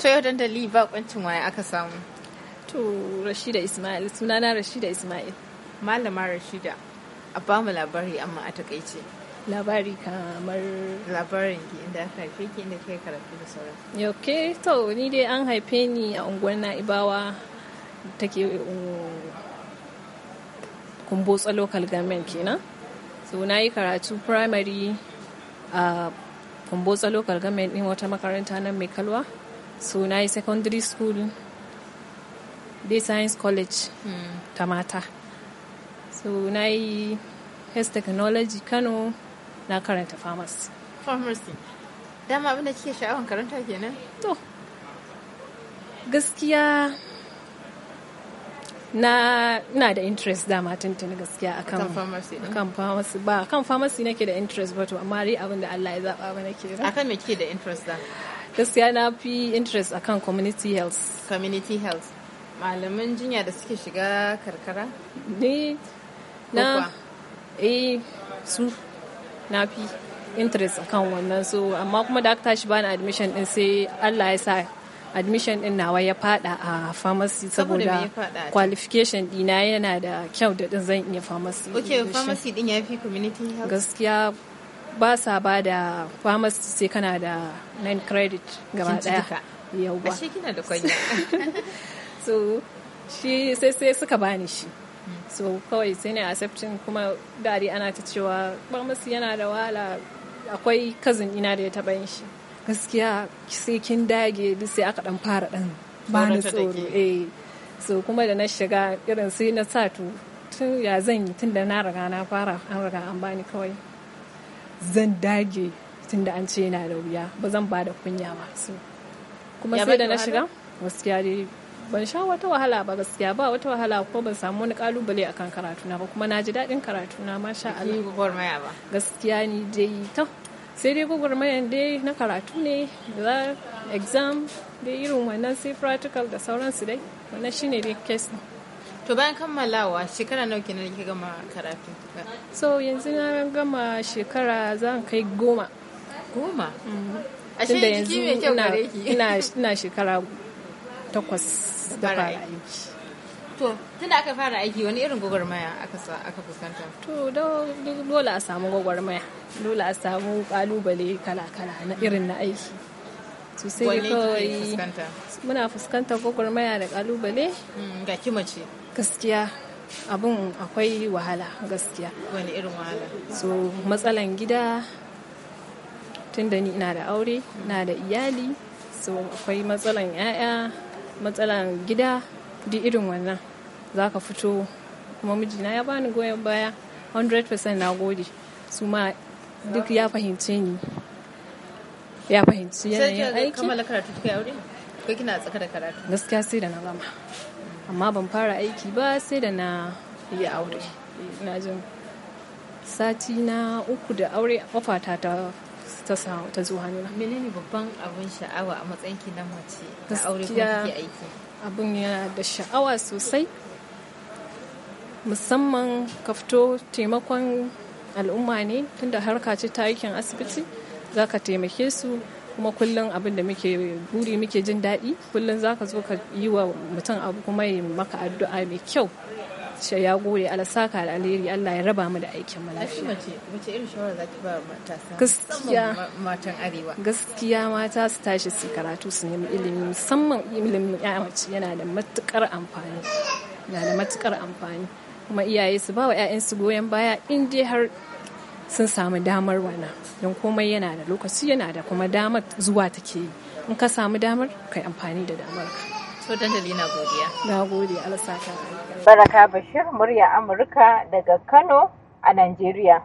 To yau dandali ba kwancin waya aka samu. To Rashida Ismail, sunana Rashida Ismail. Malama Rashida, a ba mu labari amma a takaice. Labari kamar labarin ki inda aka haife ki inda kai karatu da sauran. Ok, to ni dai an haife ni a unguwar Na'ibawa ke um, kumbotsa local government kenan. So na yi karatu primary a kumbotsa local government ɗin wata makaranta nan mai kalwa. so na yi secondary school day science college hmm. ta mata so na yi health technology kano na karanta pharmacy pharmacy dama abinda kike sha'awar karanta kenan to gaskiya na na da interest dama tuntuni gaskiya akan pharmacy akan pharmacy ba akan pharmacy nake da interest ba to amma dai abin da Allah ya zaba ba nake akan me kike da interest da gaskiya na fi interest akan community health community health malaman jinya da suke shiga karkara ne na eh su na fi interest akan wannan so amma kuma da aka tashi bani admission din sai Allah ya sa admission din nawa ya fada a pharmacy saboda qualification dina yana da kyau da din zan iya pharmacy okay pharmacy din ya fi community health gaskiya ba sa ba da farmers sai kana da nan credit gaba daya ba ashe kina da kwanya so shi sai sai suka bani shi so kawai sai ne accepting kuma dari ana ta cewa farmers yana da wahala akwai cousin ina da ya taba yin shi gaskiya sai kin dage duk sai aka dan fara dan ni tsoro eh so kuma da na shiga irin sai na sa tun ya zan yi tun da na riga na fara an riga an bani kawai zan dage tunda an ce yana da wuya ba zan ba da kunya ba su kuma sai da na shiga gaskiya dai ban sha wata wahala ba gaskiya ba wata wahala ko ban samu wani kalubale akan karatuna ba kuma na ji daɗin karatuna masha Allah gaskiya ni dai to sai dai gwagwarmayan dai na karatu ne da exam dai irin wannan sai practical da sauransu dai wannan shine dai case to bayan kammalawa shekara nawa kenan kika gama karatu so yanzu na gama shekara zan kai goma goma mm. ashe da yanzu ina shekara takwas da fara aiki to tun da aka fara aiki wani irin gwagwarmaya aka fuskanta to dole a samu gwagwarmaya dole a samu kalubale kala-kala na irin na aiki sosai sai kawai muna fuskantar gwagwarmaya da kalubale mm, ga kimace gaskiya abin akwai wahala gaskiya wani irin wahala so matsalan gida tun da ni ina da aure na da iyali so akwai matsalan 'ya'ya matsalan gida duk irin wannan za ka fito kuma mijina ya bani goyon baya 100% na gode su ma duk ya fahimce ni ya fahimci yanayin aiki Sai kammala karatu kai aure ko kina tsaka da karatu gaskiya sai da na gama amma ban fara aiki ba sai da na yi aure ina jin sati na uku da aure ofata ta ta samu ta zo hannu hannuna menene babban abin sha'awa a matsayin ki na mace ta aure ko kike aiki abin yana da sha'awa sosai musamman ka fito taimakon al'umma ne tunda harka ce ta aikin asibiti za ka taimake su kuma kullum abin da muke buri muke jin daɗi kullum za ka zo ka yi wa mutum abu kuma yi maka addu'a mai kyau shi ya gode alasaka Allah ya raba mu da aikin mu gaskiya mata su tashi su karatu su nemi ilimi musamman ilimin ya yana da matukar amfani yana da matukar amfani kuma iyaye su ba wa 'ya'yansu goyon baya in dai har sun samu damar wannan don komai yana da lokaci yana da kuma damar zuwa take yi in ka samu damar kai amfani da damar ka so dandali na godiya na gode alsaka baraka bashir murya amurka daga kano a nigeria.